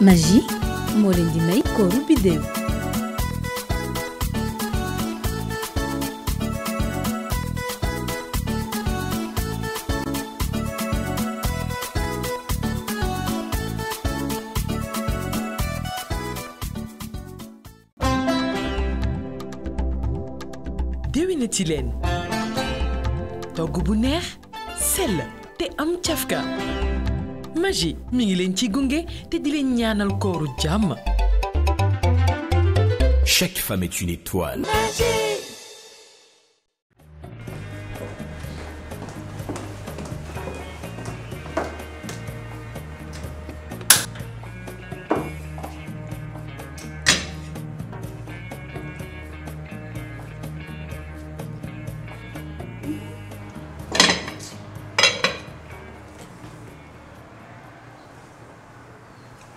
Maggi moo leen may kooru biddéew déwénati leen togg bu neex sell te am cafka Maggi mi ngi leen ci gunge te di leen ñaanal kooru jàmm. Chaque femme est une étoile. Maggi.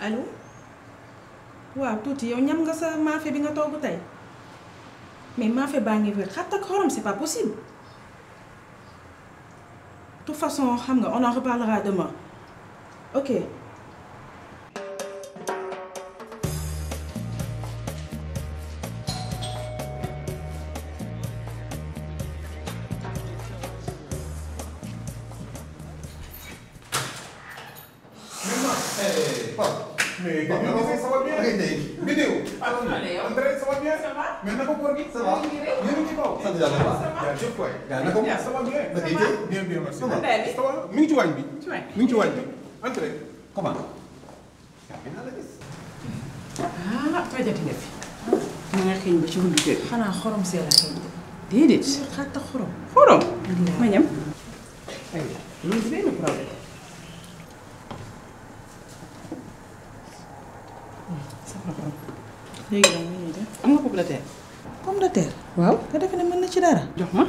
allo waaw tuuti yow ñam nga sa maafe bi nga togg tey mais maafe baa ngi wér xat ak xorom si pas possible de façon xam nga on en reparlera ma ok mais gën ñoo ko ça va bien. ok tey biddew. alhamdulilah André ça va bien. ça va mais naka góor gi. ça va yéen a ngi ci kaw. sant yàlla bu baax jaajëf waay. naka góor ça va bien. naka tey bien bien merci. ça va mi ngi ci wàññi bi. mi ngi ci wàññi bi. André comment. ah fajati nga fi. ma nga xëy ba ci buntu kër gi. xanaa xorom see la xëy. déedéet xaata xorom. xorom. ma ñam. aywa loolu benn problème. léegi nag ñu def am nga pomme de terre. pomme de terre waaw nga defe ne mën na ci dara. jox ma.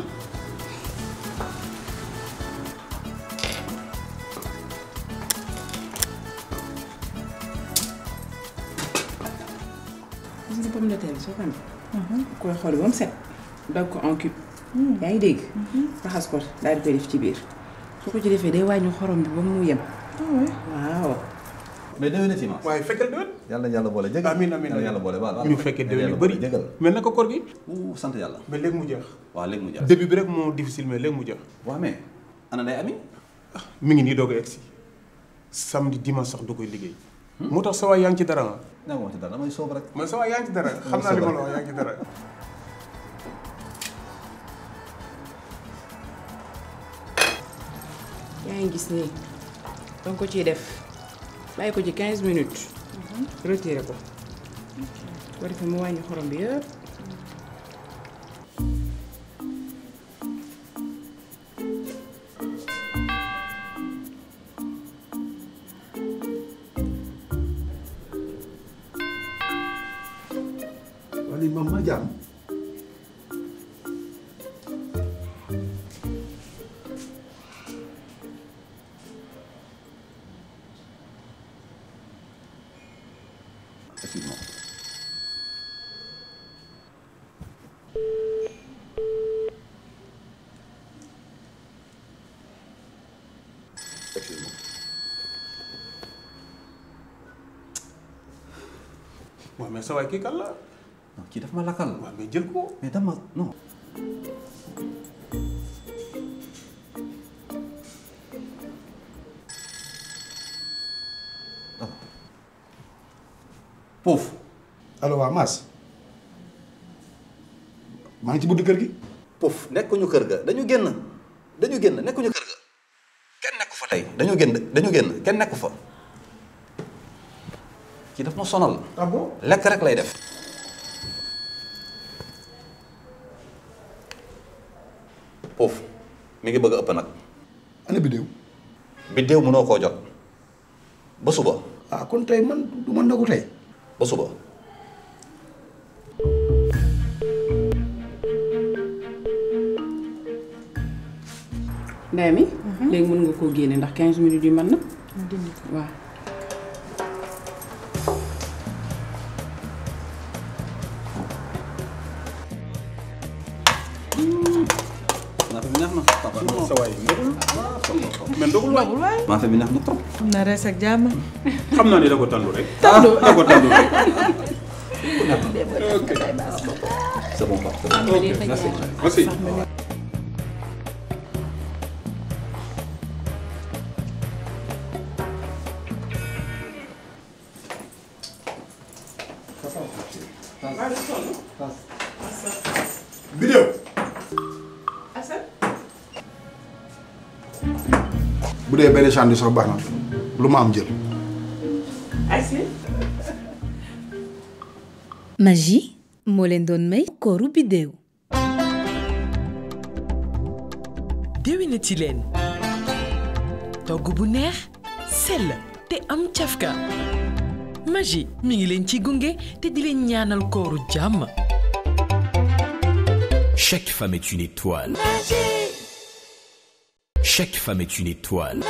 gis nga pomme de terre soo ko amee. Mhm. koy xool ba mu set. dog ko en cube. Mhm. yaa ngi dégg. Mhm. raxas ko daal di koy def ci biir. soo ko ci defee day wàññi xorom bi ba mu yem. Ah waaw. mais déwén ci ma waaye fekkee déwén yàlla na yàlla boole jégal amiin amiin yàlla boole baal ñu fekkee déwén yu bëri jégal mais naka koor gi sant yàlla mais léegi mu jeex waa léegi mu jeex début bi rek moo difficile mais léegi mu jeex waaw mais ana day ami ah, mi ngi nii doog a egsi samedi dimanche sax du koy liggéey hmm? moo tax sa waay yaa ngi ci dara ma yaa ngi ci dara damay soob rek man sa waay ci dara xam naa li ma la ngi ci dara yaa gis nii danga ko ciy def bàyyi ko ci 15 minutes. Mhm. retiré ko. boo defee mu wàññi xorom bi yëpp. waaw mais kii kan la. non kii daf ma lakkal. jël ko. mais dama ah. poofu. allo waa Maas maa ngi ci buddi kër gi. poof nekkuñu kër ga dañu génn dañu génn nekkuñu kër ga kenn nekku fa tey dañu génn dañu génn kenn nekku fa. kii daf ma sonal. Ah lekk rek lay def. foofu mi ngi bëgg a ëpp nag. ana biddéew. biddéew mënoo koo jot ba suba. ah kon tey man du ma nagu tey. ba suba. ndey mi. Mhm. léegi mën nga koo génne ndax 15 minutes yu mën na. waaw. maafe bi neex na trop. waaw sa waay ndogul mais ndogul waay. maafe bi neex na trop. na rees ak jàmm. xam naa ne da ko tàndu rek. tàndu ah, da ko tàndu rek. ok c'est bon ok merci merci. Biddew bu dee benn sandwich sax baax na lu ma am jël. magie moo leen doon may kooru biddéew déwénati leen togg bu neex sell te am cafka magie mi ngi leen ci gunge te di leen ñaanal kooru jàmm chaque femme est une étoile Chaque femme est une étoile.